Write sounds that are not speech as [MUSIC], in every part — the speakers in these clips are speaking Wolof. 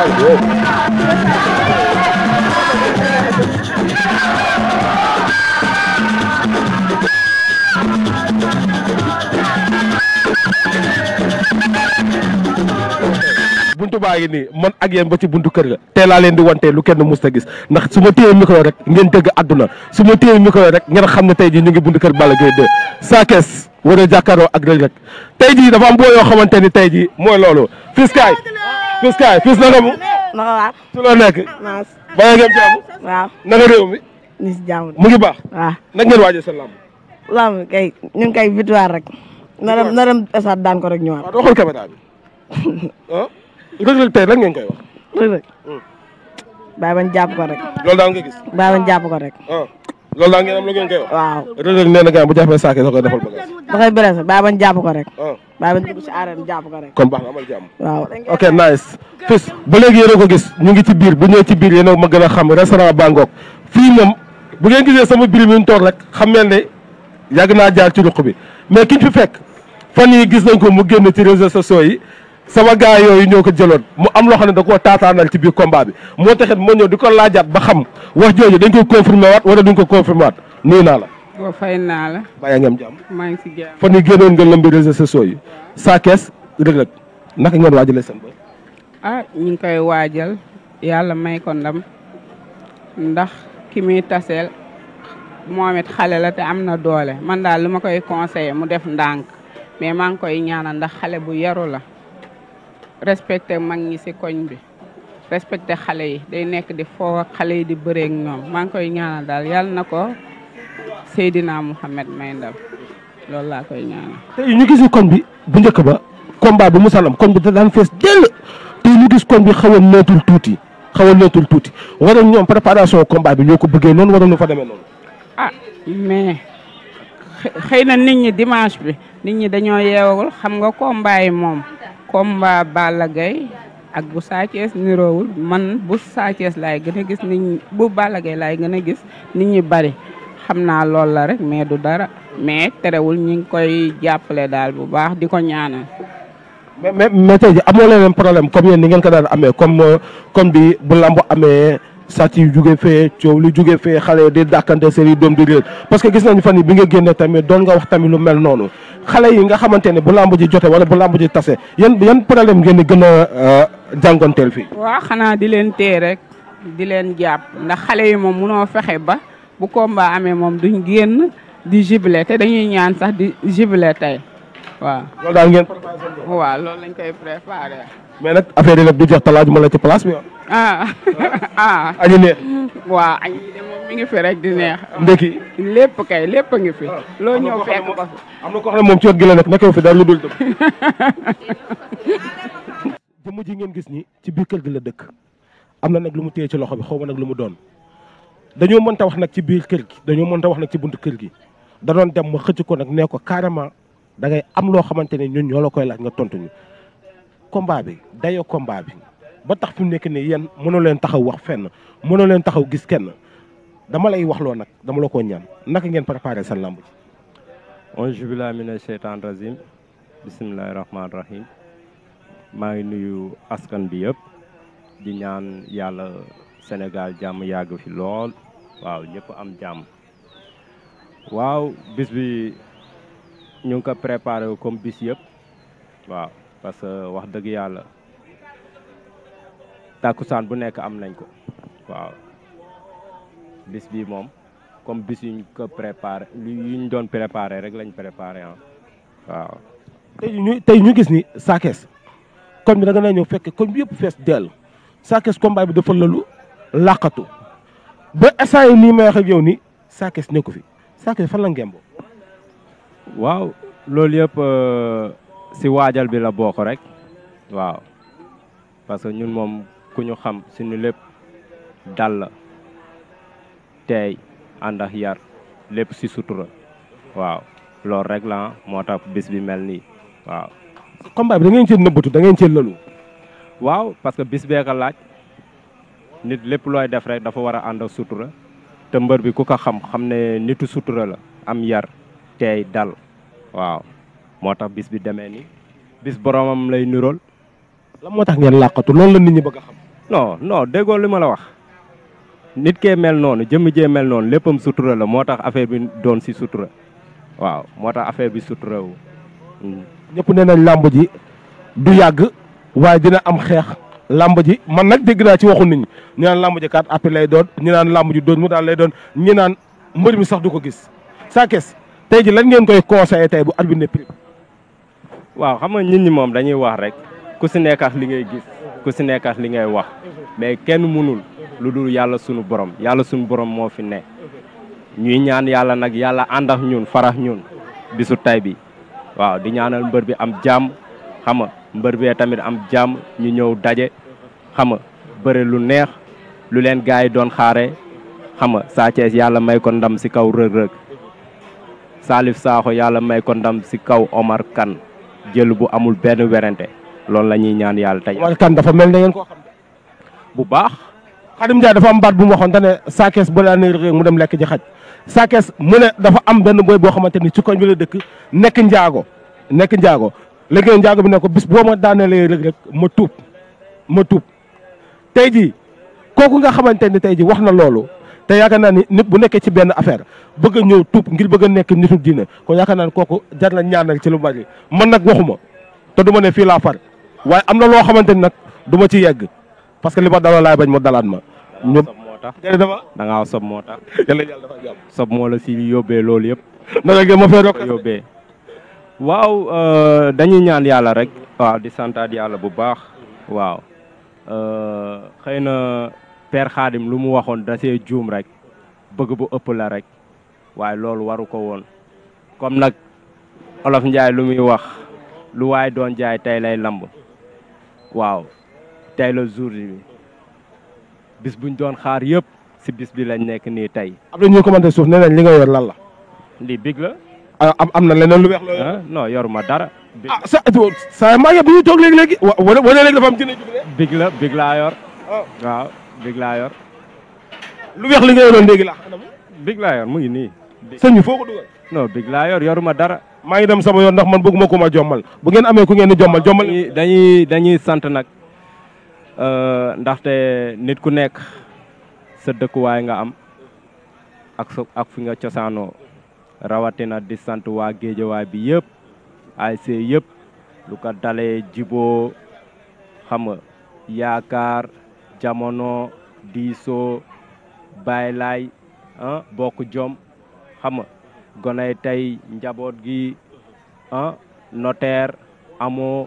Tá buntu baa ngi nii man ak yéen ba ci bunt kër ga teelaa leen di wante lu kenn mus gis ndax su ma téye micro rek ngeen dégg àdduna su ma téye micro rek ngeen xam ne tey jii ñu ngi buntu kër Balla Gaye 2 Sa jàkkaaroo ak Reug Reug tey dafa am boo yoo xamante ni tey jii mooy loolu fiskaay Fils kaay Fils naka mu. naka waat. su la nekk. naas bàyyi ngeen jàmm. waaw naka réew mi. ñu si jàmm mu ngi baax. waaw naka ngeen waajee sa kay ñun kay victoire rek. naram naram esaat daan ko rek ñëwaat. waaw doo xool caméra bi. [LAUGHS] ah Reug Reug tey lan ngeen koy wax. Reug Reug. Hmm. bàyyi bañ jàpp ko rek. loolu daal ko rek. Ah. loolu daal ngeen am lu ngeen koy wax. waaw Reug Reug nee na gars bu jàppee saake da koy defal bagage. da koy blessé baa ko rek. baa ah. bañ dugg ko rek. kon baax na amal jàmm. ok nice. fis ba léegi yéen ko gis ñu ngi ci biir bu ñëwee ci biir yéen a ma gën a xam restaurant Bangok fii moom bu ngeen gisee sama biir mi ñu toog rek xam ngeen ne yàgg naa jaar ci ruq bi mais kiñ fi fekk fan yi gis nañ ko mu génn ci réseaux sociaux yi sama gars yooyu ñoo ko jëloot mu am loo xam ne da ko taataanal ci biir combat bi moo taxit ma ñëw di ko laajaat ba xam wax jooju dañ ko confirmé waat wala duñ ko confirmé waat nuyu naa la. fay naa la. bàyyi ngeen jàmm. maa ngi si jàmm fan yii génnoon nga lëmbi réseaux sociaux yi. saa kees rëgg-rëgg naka ngeen waajalee seen bopp. ah ñu ngi koy waajal yàlla may ko ndax kii muy taseel moom it xale la te am na doole man daal lu ma koy conseillé mu def ndànk mais maa ngi koy ñaanal ndax xale bu yaru la. respecté mag ñi si koñ bi respecte xale yi day nekk di foo xale yi di bëree ak ñoom maa ngi koy ñaanal daal yàlla na ko Seydina Mouhamed may ndam loolu laa koy ñaanal. tey ñu gis koñ bi bu njëkk ba combat bi mu salam koñ bi da daan fees dell tey ñu gis koñ bi xaw a nootul tuuti xaw a nootul tuuti waroon ñoom préparation combat bi ñoo ko bëggee noonu waroon na fa demee noonu. ah mais xëy na nit ñi dimanche bi nit ñi dañoo yeewagul xam nga combat moom. combat Balla Gaye ak bu Sa Thiès man bu Sa Thiès laay gën a gis nit bu Balla Gaye laay gën a gis nit ñi bari xam naa lool la rek mais du dara mais terewul ñu ngi koy jàppale daal bu baax di ko ñaanal. mais mais mais tey jii amoo leen problème comme yéen ni ngeen ko daan amee comme euh, comme bi bu lamb amee sàcc yu jugee fee coow lu jugee fee xale di dàkkante seen i doom di réer parce que gis nañu fan yi bi nga génnee tamit doon nga wax tamit lu mel noonu. xale yi nga xamante ne bu lamb ji jote wala bu lamb ji tase yan yan problème ngeen di gën a euh, jàngonteel fi waa xanaa di leen téye rek di leen jàpp ndax xale yi moom munoo fexe ba bu combat amee moom duñ génn di jubilé te dañuy ñaan sax di jubilé tey waaw. loolu daal ngeen. loolu lañ koy préparé. mais nag affaire yi nag du jeex talaaju ma la ci place bi ah añu [LAUGHS] ah. neex. waaw añ yi moom mi ngi fi rek di neex. ndekki lépp kay lépp ngi fi. Ah. loo ñëw fekk ko fi. am nekk fi dara lu dul dëkk. [LAUGHS] jëmm ngeen gis ni ci biir kër gi la dëkk am na nag lu mu téye ci loxo bi xaw ma nag lu mu doon dañoo mënta wax nag ci biir kër gi dañoo mënta wax nag ci buntu kër gi danoon dem ma xëcc ko nag nee ko carrément da ngay am loo xamante ne ñun ñoo la koy laaj nga tontu ñu. combat bi dayoo combat bi ba tax fi nekk nii yenn mënoo leen taxaw wax fenn mënoo leen taxaw gis kenn dama lay wax loo nag dama la ko ñaan naka ngeen préparé seen lamb ji auzu billaahi mina sheytaan maa ngi nuyu askan bi yépp di ñaan yàlla senegal jàmm yàgg fi lool waaw ñëpp am jàmm waaw bis bi ñu ngi ko préparé comme bis yëpp waaw parce que wax dëgg yàlla tàkkusaan bu nekk am nañ ko waaw bis bi moom comme bis yuñ ko préparé yuñ doon préparé rek lañ préparé ah waaw tey ñu tey ñu gis ni saakees koñ bi da nga na ñëw fekk koñ bi yëpp fees dell saakees combat bi dafa lalu làqatu ba instant yi nii may wax ak yow saakees nekku fi saakees fan la ngemboo waaw loolu yëpp euh, si waajal bi la bokk rek waaw parce que ñun moom ku ñu xam suñu lépp dal la teey ànd yar lépp si sutura waaw loolu rek la moo tax bis bi mel nii waaw. combat bi da ngeen cee nëbbatu da ngeen cee lëlu. waaw parce que bis bee ka laaj nit lépp looy def rek dafa war a ànd ak sutura te mbër bi ku ko xam xam ne nitu sutura la am yar teey dal waaw. moo tax bis bi demee nii bis boromam lay nurool. la moo tax ngeen làqatu loolu la nit ñi bëgg a xam. non non déggoo li ma la wax nit kee mel noonu jëmm jee mel noonu léppam sutura la moo tax affaire bi doon si sutura waaw moo tax affaire bi sutura wu. Hmm. ñëpp nee nañ làmb ji du yàgg waaye dina am xeex. làmb ji man nag dégg naa ci waxu nit ñi ñu naan làmb ji kat appel lay doon ñu naan làmb ji doon mu daan lay doon ñu naan mbër mi sax du ko gis. saa kees tey ji lan ngeen tey waaw xam nga nit ñi moom dañuy wax rek ku si nekk ak li ngay gis ku si nekk ak li ngay wax mais kenn mënul lu dul yàlla sunu borom yàlla sunu borom moo fi ne ñuy ñaan yàlla nag yàlla ànd ak ñun farax ñun bisu tay bi waaw di ñaanal mbër bi am jàmm xam mbër bee tamit am jàmm ñu ñëw daje xam nga bëre lu neex lu leen gars yi doon xaare xam nga Sa yàlla may ko ndam si kaw Reug Reug Salif may ko ndam si kaw Omar Kane jël bu amul benn werante loolu la ñuy ñaan yàlla tey. wala kan dafa mel ne ngeen koo xam bu baax. Khadim Ndiaye dafa am baat bu mu waxoon ne saa kees ba mu dem lekk ji xaj saa kees mu ne dafa am benn boy boo xamante ni ci koñ bi la dëkk nekk njaago nekk njaago léegi njaago bi ne ko bis boo ma daanelee rek rek ma tuub ma tuub tey ji kooku nga xamante ni tey ji wax na loolu. te yaakaar naa ni nit bu nekkee ci benn affaire bëgg a ñëw tuub ngir bëgg a nekk nitu diine kon yaakaar naa ni kooku jar na ñaanal ci lu bari man nag waxuma te du ma ne fii laa far waaye am na loo xamante ni nag duma ci yegg parce que li ma daloo laay bañ ma dalaat ma. ñu dama da sob moo tax. yàlla yàlla dafa jàpp sob moo la si yóbbee loolu yëpp. naka ngeen ma fee rek yóbbee. waaw euh, dañuy ñaan yàlla rek. waaw di santaat yàlla bu baax. waaw euh, xëy na. Père Khadim lu mu waxoon da see juum rek bëgg bu ëpp la rek waaye loolu waru ko woon comme nag Olof Njaay lu muy wax lu waay doon jaay tey lay lamb waaw tey la jour bi bis buñ doon xaar yëpp si bis bi lañ nekk nii tey. am na ñuy commenté suuf nee nañ li nga yor lan la. lii big la. am am na leneen lu weex la. Ah, non yoruma dara. ah sa saa maa toog léegi léegi. wa wane léegi dafa am jënd big la big laa yor. Ah. waaw. big laa yor. lu weex li nga yoroon léegi la mu ngi nii. sëñ foo ko dugal. non big laa yor yoruma dara. maa ngi dem sama yoon ndax man bëgguma ku ma jommal bu ngeen amee ku ngeen di jommal jommal. dañuy sant nag euh, ndaxte nit ku nekk sa dëkkuwaay nga am ak sa ak fi nga cosaanoo rawatina di sant waa géejawaay bi yëpp ay see yëpp lu ko dalee jiboo xam yaakaar. jamono diisoo baylaay ah bokk jom xam nga gonay tey njaboot gi ah amoo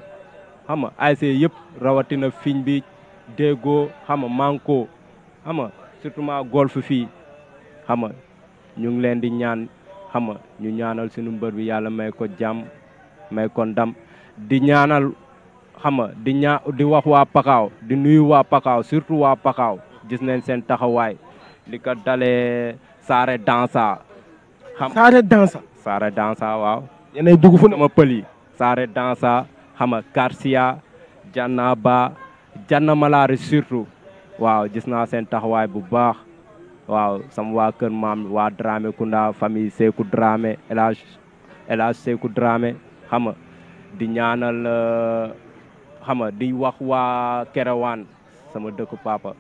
xam nga ASC yëpp rawatina fiñ bi déggoo xam nga manko xam nga surtout ma golf fii xam ñu ngi leen di ñaan xam ñu ñaanal sunu mbër bi yàlla may ko jàmm may ko ndam di ñaanal xam nga di ñaa di wax waa Pakaaw di nuyu waa Pakaaw surtout waa Pakaaw gis nañ seen taxawaay li ko dalee Saare Dansa. xam Saare Dansa. Saare Dansa waaw. yéenay dugg fu ne ma pël yi. Saare Dansa xam nga Karsia Jannaba Janna waaw gis naa seen taxawaay bu baax. waaw sama waa kër maam waa Dramé Kunda famille Seeku Dramé El Hadj Seeku Dramé xam di ñaanal. Euh, xam nga di wax wa Kerewan sama dëkk papa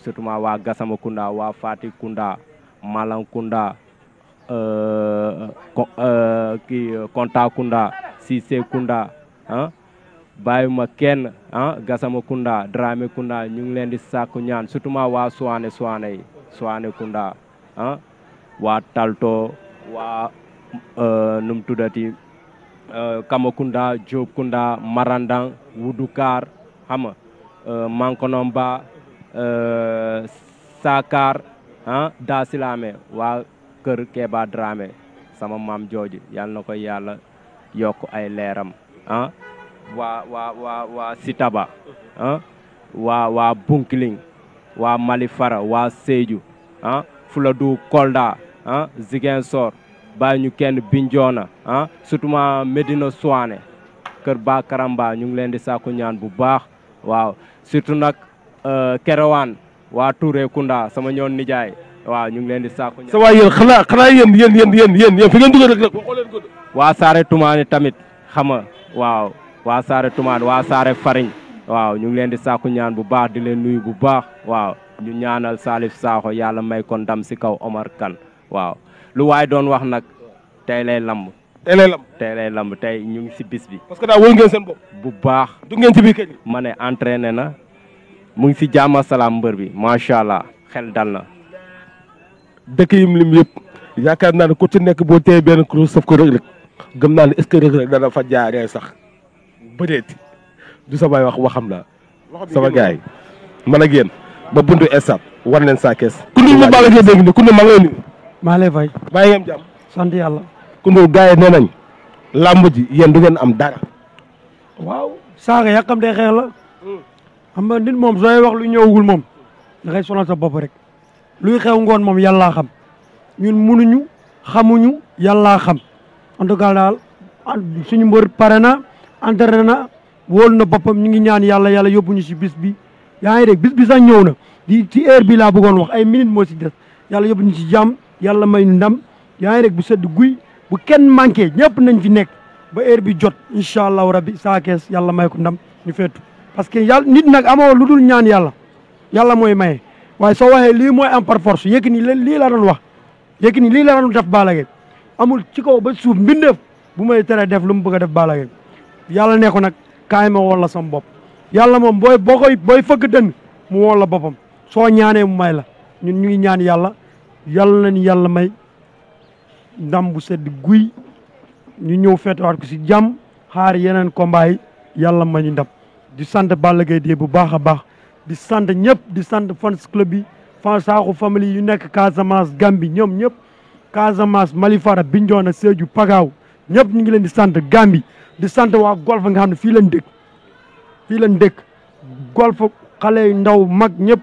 surtout ma waa Gassama Kounda waa Fati Kounda Malang Kounda euh, euh, kii Konta Kounda Cissé Kounda ah bàyyuma kenn ah Gassama Kounda ñu ngi leen di sàkku ñaan surtout ma waa Soane Soane yi Soane Kounda ah euh, tuddati Euh, Kamakunda Diobkunda Marandang Wudukaar xam nga euh, Mankonomba euh, Sakar ah waa kër Keba Dramé sama maam jooju yàlla na ko yàlla yokk ay leeram ah waa waa waa waa Sitaba waa waa Bunkiling waa Malifara waa Sédhiou ah Fuladu Kolda ah baa ñu kenn Bignona ah surtout Médina Souane kër Ba Karamba ñu ngi leen di sàkku ñaan bu baax waaw surtout nag euh, Kerewaan waa Touré Kunda sama ñoon nijaay waaw ñu ngi leen di sàkku ñaan. sa waay yéen xanaa yéen yéen yéen fi ngeen dugal rek nag waa Saare Tumaani tamit xam nga waaw waa Saare Tumaani waa Saare Fariñ waaw ñu ngi leen di sàkku ñaan bu baax di leen nuyu bu baax waaw ñu ñaanal Salif Sakho yàlla may ko ndam si kaw Omar Kane waaw. lu waaye doon wax nag tey lay lamb. tey lay lamb tey ñu ngi si bis bi. parce que daal wóor ngeen seen bopp. bu baax. du ngeen ci biir kër ma ne entraîné na mu ngi si a salaam mbër bi macha allah xel dal na. dëkk yim lim yëpp yaakaar naa ne ku ci nekk boo téye benn kuréel saf ko Reug Reug gëm naa ne est-ce que Reug fa jaaree sax bëreet du samay wax waxam la sama gars yi man ak yéen ba buntu estat war leen saa ku ne ma baal la dégg ne ku ne ma ngi maa lay fay. maa ngi am sant yàlla. Koungheul gars yi nee nañ. làmb ji yéen du ngeen am dara. waaw saaga yàqam day xeex la. xam nga nit moom sooy wax lu ñëwagul moom. da ngay sonal sa bopp rek. luy xew ngoon moom yàllaa xam. ñun munuñu xamuñu yàllaa xam. en tout cas daal suñu mbër pare na entraîné na wóolu na boppam ñu ngi ñaan yàlla yàlla yóbbuñu si bis bi. yaa ngi dégg bis bi sax ñëw na di ci heure bi laa bëggoon wax ay minutes moo si des yàlla yóbbuñu si jàmm. yàlla may ñu ndam yaa ngi rek bu sedd guy bu kenn manqué ñëpp nañ fi nekk ba heure bi jot incha allahu rabbi saa kees yàlla may ko ndam ñu feetu parce que yàlla nit nag amoo lu dul ñaan yàlla yàlla mooy maye waaye soo waxee lii mooy am par force Yékini lii la doon wax ni lii la doon def Balla amul ci kaw ba suuf mbindeef bu may tere def lu mu bëgg a def Balla Gaye yàlla ne ko nag kaay ma wala sam bopp yàlla moom booy boo koy booy fëgg dënn mu woo la soo ñaanee mu may la ñun ñu ngi ñaan yàlla yàlla nañu yàlla may ndam bu sedd guy ñu ñëw feetewaat ko si jàmm xaar yeneen combat yi yàlla ma ñu ndam di sant Balla Gaye dee bu baax a baax di sant ñëpp di sant fans club yi fan saaxu famille yu nekk Casamance Gambie ñoom ñëpp Casamance Malifara Bignona Sédhiou Pagaaw ñëpp ñu ngi leen di sant Gambie di sant waa golf nga xam ne fii leen dëkk fii leen dëkk golf xale yu ndaw mag ñëpp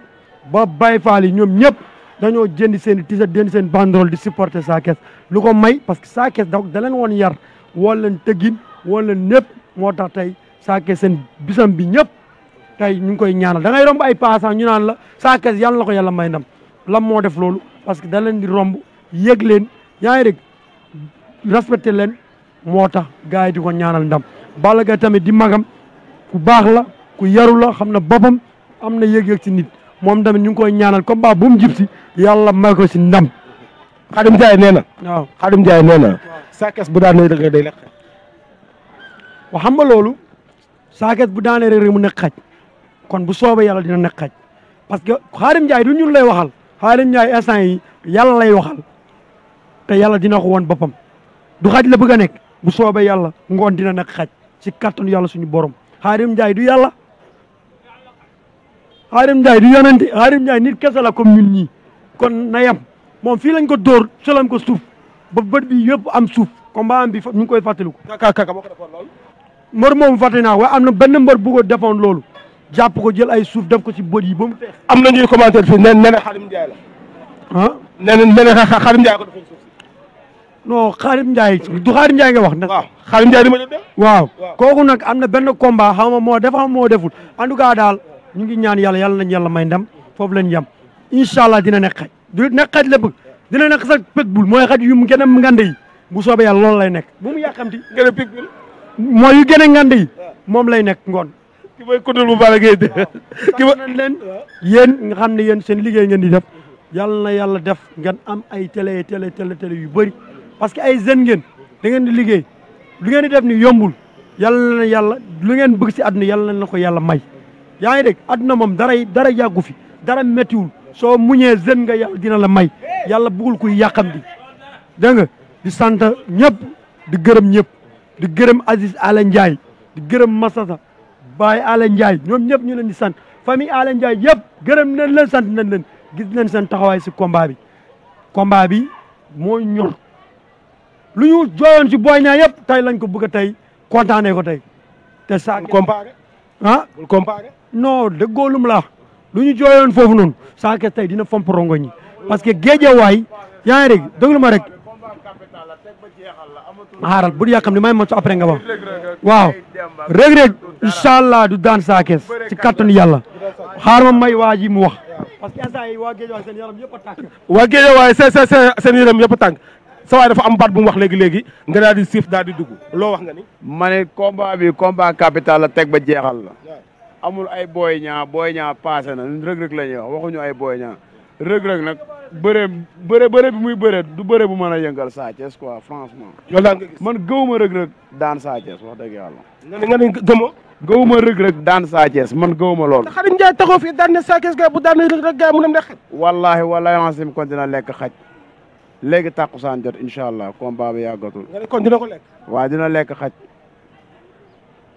ba Baye Fall yi ñoom ñëpp dañoo jënd seen i t jënd seen banderole di supporter Sa Thiès lu ko may parce que Sa Thiès da woon yar woon leen tëggin woon leen ñëpp moo tax tey Sa seen bisam bi ñëpp tey ñu ngi koy ñaanal da ngay romb ay passant ñu naan la Sa Thiès yàlla ko yàlla may ndam lan moo def loolu parce que da leen di romb yëg leen yaa ngi dégg respecté leen moo tax gars yi di ko ñaanal ndam Balla Gaye tamit di magam ku baax la ku yaru la xam na boppam am na yëg-yëg ci nit moom tamit ñu ngi koy ñaanal combat bu mu jib si yàlla may si ndam. Xadim Ndiaye nee na. waaw Ndiaye nee na. Sa Thiès bu daanee rek day lekk. waaw xam nga loolu. Sa bu daanee rek mu nekk xaj. kon bu soobee yàlla dina nekk xaj parce que Xadim Ndiaye du ñun lay waxal. Xadim Ndiaye instant yi yàlla lay waxal. te yàlla dina ko woon boppam. du xaj la bëgg a nekk. bu soobee yàlla ngoon dina nekk xaj. ci kàttanu yàlla suñu borom. Xadim Ndiaye du yàlla. Xaadim Njaay du yonente Xaadim Njaay nit kese la comme ñun ñii kon na yem moom fii lañ ko dóor solam ko suuf ba bët bi yëpp am suuf combat am bi ñu koy fàttaliku. kaka kaka moo ko defoon naa am na benn mbër bu ko defoon loolu jàpp ko jël ay suuf def ko ci bët yi ba mu teex. am na ñuy commentaire fii nee na nee na Xaadim Njaay la. ah nee na na Xaadim Njaay ko defoon suuf non Xaadim Njaay du Xaadim Njaay nga wax nag. waaw Xaadim Njaay di ma jot de. waaw kooku nag am na benn combat xaw ma moo def moo deful en tout daal. ñu ngi ñaan yàlla yàlla nañ yàlla may ndam foofu lañ yem incha allah dina nekk xaj du nekk xaj la bëgg dina nekk sax pitbull mooy xaj yu mu gën a ngande yi bu soobee yàlla loolu lay nekk bu mu yàqamti gën a pitbull gën a moom lay nekk ngoon ki mooy kutul bu bala ngay dé ki nañ leen yéen nga xam ne yéen seen liggéey ngeen di def yàlla na yàlla def ngeen am ay tele télé télé télé yu bëri parce que ay jeunes ngeen da ngeen di liggéey lu ngeen di def ni yombul yalla na yàlla lu ngeen bëgg si àdduna yàlla na ko yàlla may yaa ngi dégg adduna moom dara dara yàggu fi dara méttiwul soo muñee zen nga yàlla dina la may yàlla buggul kuy yàqam di dégg nga di sant ñëpp di gërëm ñëpp di gërëm Aziz Ala Ndiaye di gërëm Masata Baye Ala Ndiaye ñoom ñëpp ñu leen di sant famille Ala Ndiaye yëpp gërëm nañ leen sant nañ leen gis nañ seen taxawaay si combat bi combat bi moo ñor lu ñu jooyoon si booy ñaa yëpp tey lañ ko bëgg a tey kontaanee ko tey te saa ah bul comparé la lu ñu jooyoon foofu noonu Sa Thiès tey dina fomp rongo parce que géejawaay yaa ngi rek déglu ma rek ma xaaral bu yàkkam ni may ma su après nga wax waaw Reug Reug incha du daan Sa Thiès ci kattanu yàlla xaar ma may waa ji mu wax parce que instant yi waa géejawaay seen yaram yëpp a tànk waa géejawaay seen seen seen yaram yëpp a tànk sa dafa am baat bu wax léegi léegi nga daal di siif daal di dugg loo wax nga ni. ma ne combat bi combat capital la teg ba jeexal la. amul ay booy ñaa booy ñaa paase na ñun rëg-rëg la ñuy waxuñu ay booy ñaa rëg-rëg nag bëre bëre bëre bi muy bëree du bëre bu mën a yëngal Sa Thiès quoi franchement. yow laa nga gis man gëwuma rëg-rëg daan Sa Thiès wax dëgg yàlla. nga ne nga ne gëmoo. gëwuma rëg-rëg daan Sa man gëwuma loolu. xarit Ndiaye taxaw fii daan ne Sa Thiès gars bu daan ne rëg-rëg gars mu dem ne xaj. wallaahi wallaahi kon dina lekk xaj. léegi tàkkusaan jot incha allah combat bi yàggatul. kon dina ko lekk. waaw dina lekk xaj.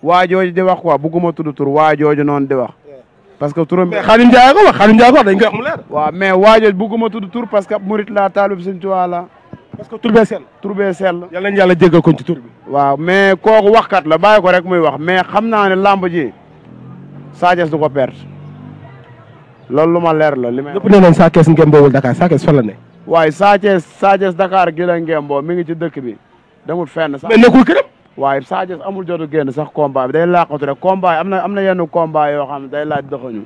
waa jooju di wax quoi bugguma tudd tur waa jooju noonu di wax. parce que tur mais Xaadim Njaay ko wax Xaadim Njaay ko wax dañ koy mais waa jooju bugguma tudd tur parce que murit laa taalib Sëñ Tuubaa la. parce que tur bee sell. tur bee sell. yàlla ko ci tur bi. waaw mais kooku waxkat la bàyyi ko rek muy wax mais xam naa ne làmb ji Sa Thiès ko perte loolu lu ma leer la li may. lépp nee nañ Sa Thiès ngeen boowul Dakar Sa la ne. waaye Sa Thiès dakaar Thiès Dakar gi la mi ngi ci dëkk bi demul fenn sax. mais nekkul këram. waaye Sa Thiès amul jotu génn sax combat bi day laqatu rek combat yi am na am na yenn combat yoo xam ne day laaj doxuñu.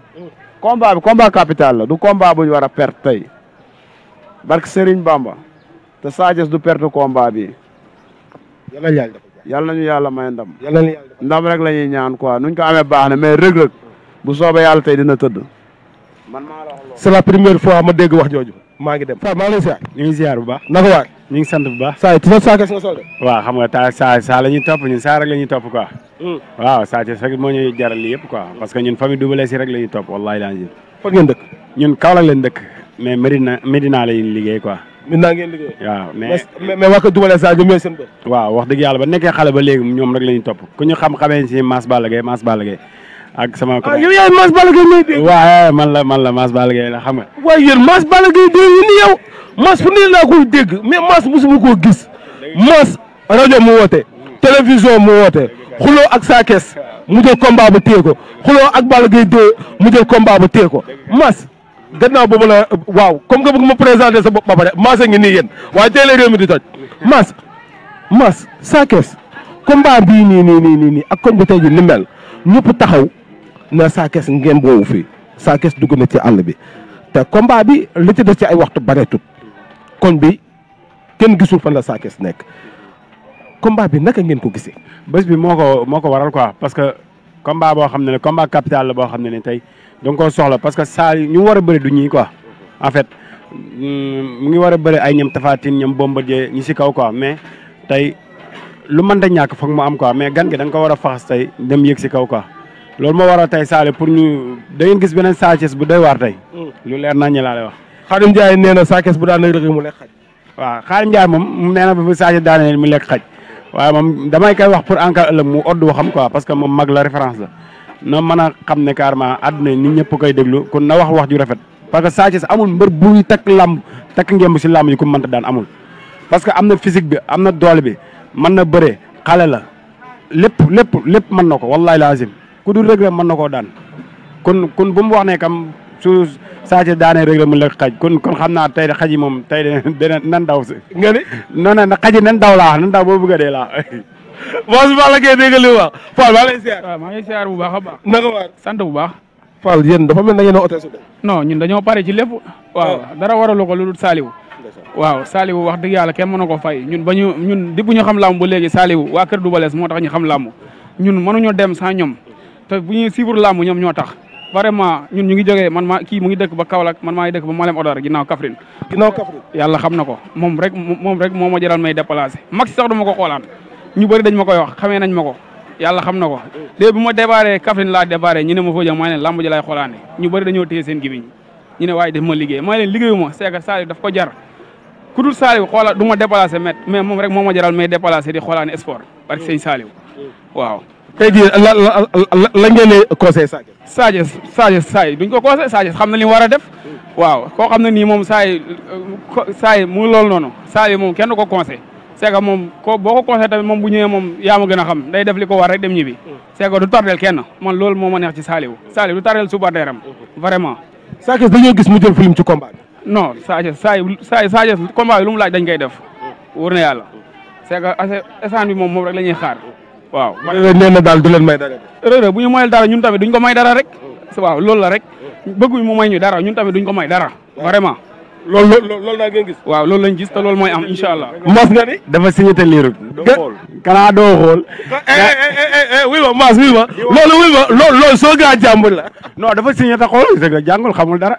combat bi combat capital la du combat bu ñu war a perte tey barke Serigne Bamba te Sa Thiès du perte combat bi. yàlla na yàlla yàlla nañu yàlla may ndam. yàlla na yàlla ndam rek la ñuy ñaan quoi nuñ ko amee baax na mais Reug Reug bu soobee yàlla tey dina tëdd. c'est la première fois ma dégg wax jooju maa dem saa maa ngi lay ziar ñu ngi ziar bu baax naka ñu ngi sant bu baax saa ti sa saa nga sol de waaw xam nga ta saa saa hmm. moo ñuy jaral yëpp quoi parce que ñun famille Double Less rek leen dëkk mais Medina Medina la ñuy liggéey quoi Medina ngeen liggéey waaw mais mais waa ko Double Less ñoom ñooy seen xale ba léegi ñoom la ñuy topp ku ñu xam-xamee si Mass Balla Gaye Mass Balla ak sama. waaw ah, yow yaay Mass Balla Gaye may dégg. Eh, man la man la Mass Balla Gaye la xam nga. waaye yéen Mass Balla dégg ni yow fu ne laa koy dégg mais Mass mosuma koo gis Mass rajo mu woote télévision mu woote xuloo ak saakees mu jël combat ba téye ko xuloo ak Balla Gaye mu jël combat ba téye ko Mass gannaaw boobu la waaw comme nga bëgg ma présenter sa bopp ba pare Mass a ngi nii yéen waaye tey la réew mi di toj Mass Mass saakees combat bii nii nii nii ak kon bu tey ji ni mel ñëpp taxaw. na saakees ngeen boobu fii saakees dugg na ci àll bi te combat bi li ci des ci ay waxtu bareetut koñ bi kenn gisul fan la saakees nekk combat bi naka ngeen ko gisee. bés bi moo ko moo ko waral quoi parce que combat boo xam ne ne combat capital boo xam ne ne tey da nga soxla parce que saa ñu war a bëri du ñii quoi en fait mu ngi war a bëri ay ñoom tafatin ñoom bombardier ñi si kaw quoi mais tey lu mën da ñàkk foog mu am quoi mais gan gi da nga ko war a faxas tey dem yëg si kaw quoi. loolu moo waral tey Saale pour ñu da gis beneen Sa bu doy waar tey. Mm. lu leer nañ ñi laa wax. Xaadim Ndiaye nee na Sa bu daan rëg-rëg mu lekk xaj. waaw Xaadim Ndiaye moom nee na bu Sa Thiès daan mu lekk xaj waaye moom damay koy wax pour encore ëllëg mu odd waxam quoi parce que moom mag la référence la na mën a xam ne carrément àdduna nit ñëpp koy déglu kon na wax wax ju rafet. parce que Sa amul mbër buy takk làmb takk ngemb si làmb yi ku mënta daan amul parce que am na physique bi am na doole bi mën na bëre xale la lépp lépp lépp mën na ko wallahi laazim ku dul rëg la mën na koo daan kon kon bu mu wax ne kam su Sa Thiès daanee rëg la mu lekk xaj kon kon xam naa tey de xaj yi moom tey de [LAUGHS] dana nan daw si. nga ne non xaj yi nan daw laa nan daw boo bëgg a dee laa. bon su Balla Gaye dégg li mu wax Fall maa lay bu baax a baax. naka waay sant bu baax. Fall yéen dafa mel ne yéen a ote su non ñun dañoo pare ci lépp. waaw oh. dara waralu ko lu dul Saliou. waaw Saliou wax dëgg yàlla kenn mën na ko fay ñun ba ñu ñun dipp ñu xam làmb ba léegi Saliou waa Kër Doubalès moo tax ñu xam làmb ñun mënuñu dem saa ñoom te bu ñuy suivre làmb ñoom ñoo tax vraiment ñun ñu ngi jógee man maa kii mu ngi dëkk ba Kaolack man maa ngi dëkk ba Malem Odar ginnaaw Kaffrine. ginnaaw na ko moom rek moom rek moo ma jaral may déplacé mag sax dama ko xoolaan ñu bëri dañ ma koy wax xamee nañ ma ko yàlla xam na ko léegi ma débarré Kaffrine laa débarré ñu ne ma foo jëm maa ne lamb ji laay xoolaane ñu bëri dañoo téye seen gémmiñ ñu ne waaye def ma liggéey maa leen liggéeyu ma seega Saliou daf ko jar ku dul Saliou xoola du ma déplacé met mais ma jaral may déplacé di xoolaane sport parce que sëñ Saliou mm. waaw tey jii la la la ngeen di conseillé Sadio. Sadio Sadio Sadio duñ ko conseillé Sadio xam na li mu war a def waaw koo xam ne nii moom Sadio Sadio mu loolu noonu Sadio moom kenn ko conseillé c'est que ko boo ko conseillé tamit moom bu ñëwee moom yaa ma gën a xam day def li ko war rek dem ñibbi. c'est que du tardel kenn man loolu moo ma neex ci Saliou Saliou du tardel supporteram vraiment. Sadio dañoo gis mu jël film ci combat bi. non Sadio Sadio Sadio combat bi lu mu laaj dañ koy def wóor na yàlla c'est que instant bi moom moom rek la ñuy xaar. waaw nee na daal du leen may dara Reug bu ñu mayul dara ñun tamit duñ ko may dara rek oh. waaw loolu la rek oh. bëgguñ mu may ñu dara ñun tamit duñ ko may dara vraiment loolu loolu laa ngeen gis waaw loolu lañ gis te loolu mooy am incha allah mas nga ni dafa siñete liirut kanaa doo xool wii eh, eh, eh, ma mas wii ma loolu wii ma loolu loolu soo la non dafa siñete xool c'est que jàngul dara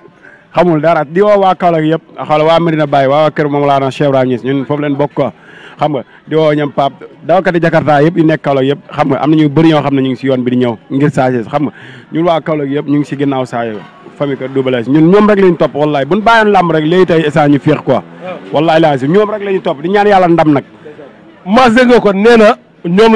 xamul dara di woo waa Kaolack yëpp xoola waa Medina Baye waa kër Mawlana Cheikh Ibrahima Niass ñun foofu leen bokk quoi xam nga di woo ñoom Pape dawakati Jakarta yëpp yu nekk Kaolack yëpp xam nga am na ñu bëri ñoo xam ne ñu ngi si yoon bi di ñëw ngir Sathies xam nga ñun waa si ginnaaw ko Double Less ñun ñoom rek la ñu topp wallaay buñ bàyyoon làmb rek léegi tey instant ñu féex quoi wallaay laa si ñoom rek la topp di ñaan yàlla ndam nag mas nga ko nee na ñoom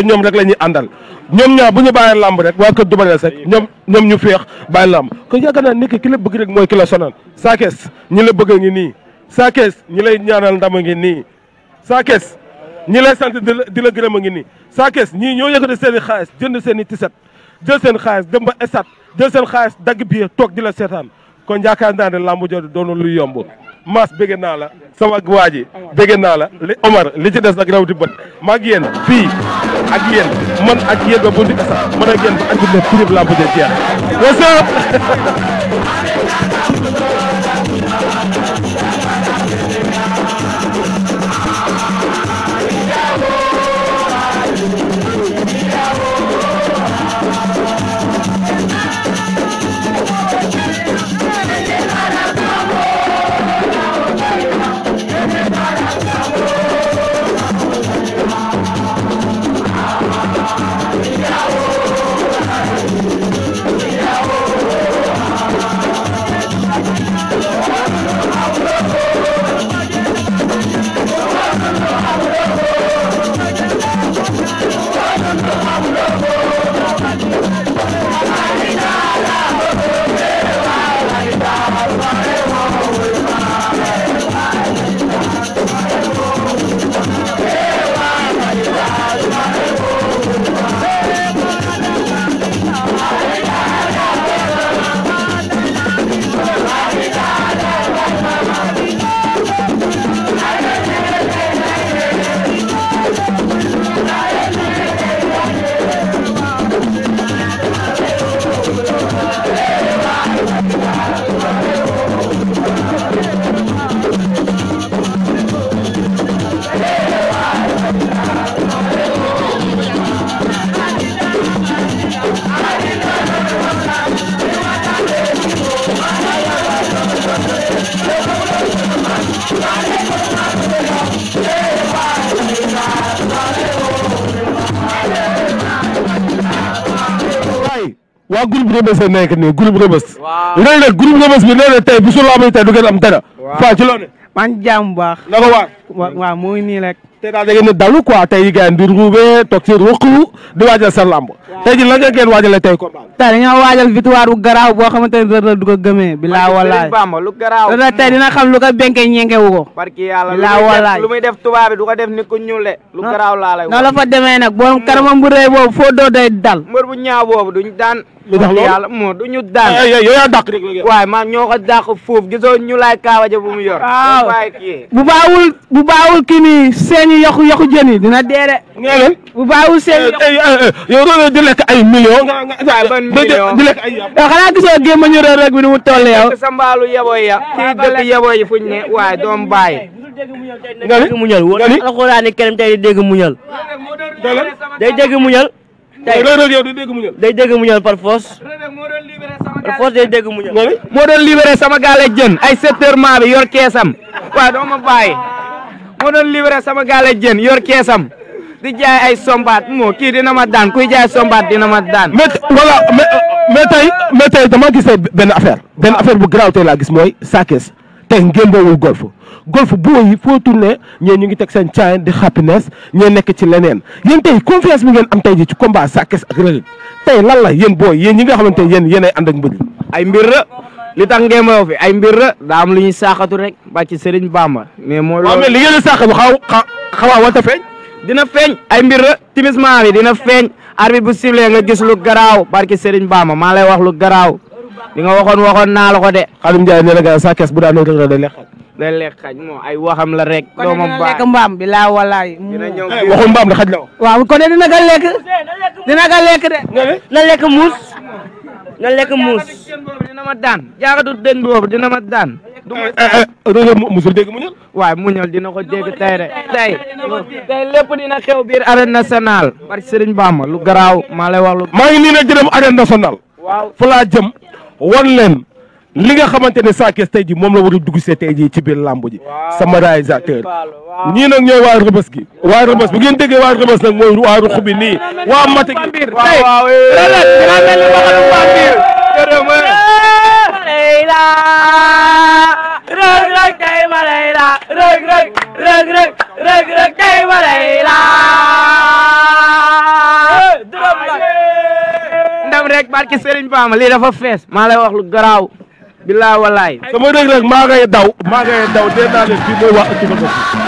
te ñoom rek la ñuy àndal ñoom ñaar bu ñu bàyyi lamb rek waa kër Double Less rek ñoom ñoom ñu féex bàyyi làmb kon yaakaar naa nit ki ki la bëgg rek mooy ki la sonal Sa Thiès ñi la bëgg ngi nii Sa ñi lay ñaanal ndam a ngi nii Sa Thiès ñi lay sant di la gërëm a ngi nii Sa Thiès ñii ñoo yëkkati seen i xaalis jënd seen i tisat jël seen xaalis dem ba esat jël seen xaalis dagg biir toog di la seetaan kon yaakaar naa ne joo jooju doonul lu yomb Mass bëgg naa la sama waa ji bëgg naa la li Omar li ci des nag raw di maa ngi yéen fii ak yéen man ak yéen ba bu ndi sax man ak yéen ba ak yéen ba prix lamb de jeex. [LAUGHS] waa groupe Rebeuss la nekk nii groupe Rebeuss. waaw léegi nag groupe Rebeuss bi nee na tey bu su laabulee tey du ngeen am dara. waaw faa man jaam bu baax. naka waay. waaw moo ngi nii rek. te daal da ngeen quoi tey gars yi di ruubee toog ci ruq di waajal sa lamb. waaw tey jii lan ngeen koy waajalee tey combat bi. tey dañoo waajal victoire bu garaaw boo xamante ne Reug du ko gëmee. bilaa walaay Bamba lu garaaw. Reug Reug tey dina xam lu ko benke ñenge wu ko. barki yàlla bilaa walaay lu muy def tubaab du ko def ni ku ñuul de. lu ah. garaaw laa la fa demee nag borom mm. karamam bu rëy boobu doo day li tax loolu yàlla moo du ñu daan. Eh, eh, yow yaa dàq rek la. waaye man ñoo ko dàq foofu ñu laay kaawaja bu mu yor. waaw bu baawul bu baawul kii nii seen i yàqu yàqu jën dina dee de. bu baawul seen i eh, yàqu. yow loolu di lekk ay millions. waaw ban million di lekk ay yàqu. yow xanaa gisoo gémmañu ya. kii ne waaye doom bàyyi. nga ni dégg muñal wala alxuraan keneen tey dégg muñal. muñal. tey rëy yow day dégg mu ñëw. day dégg mu ñëw par force. day dégg mu moo doon libéré sama gaale jën ay sept heures maa bi yor keesam waaw doo ma bàyyi moo doon libéré sama gaale jën yor keesam di jaay ay sombaat moo kii dina ma daan kuy jaay sombaat dina ma daan. mais voilà mais mais dama gisee benn affaire benn affaire bu garaaw tey laa gis mooy Sa Thiès tey ngémboowul golf golf boo yi foo tourné ñee ñu ngi teg seen caayan di happiness ñee nekk ci leneen yéen tey confiance bi ngeen am tey ji ci combat Sa ak Reug tey lan la booy yéen ñi nga xamante ne yéen yéen ay ànd ak mbër ay mbir la li tax ngémbow fi ay mbir la daa am lu ñuy saaxatu rek bàcc Sëriñ Bamba mais mooy loolu mais li ngeen di saaxatu xaw xawaa wata feeñ dina feeñ ay mbir la timisment dina feeñ arbitre bu sifflé nga gis lu garaaw barki Sëriñ li nga waxoon waxoon naa la ko de. Xadim Ndiaye nee na nga sa kees bu daan doon rek day lekk. day lekk ay waxam la rek. doomu mbaam kon dina lekk mbaam bi laa walaay. Eh, waxu mbaam de xaj la wax. waaw kon dina nga lekk. dina nga lekk de. na lekk muus. na lekk muus. dina ma daan jaakatu den boobu dina ma daan. duma eh, eh, musul dégg muñal waaye muñal dina ko dégg tey rek tey tey lépp dina xew biir arène nationale parce que Serigne Bamba lu garaaw maa lay wax lu maa ngi nii nag jërëm arène nationale waaw wan leen li nga xamante ne Sa Thiès tey jii moom la war a dugg see tey jii ci biir làmb ji sama réalisateur ñii nag ñooy waa gi waa rëbës bu ngeen déggee waa rëbës nag mooy waa bi nii waa mata gi tey rëlët dina mel ni waxalu Bambir jërëm tey ma lay la rëg rëg rëg rek barki Serigne Bamba lii dafa fees maa lay wax lu garaaw billaay walaay. sama rëg rek maa ngay daw maa ngay daw dee naa leen fii mooy wax ak ci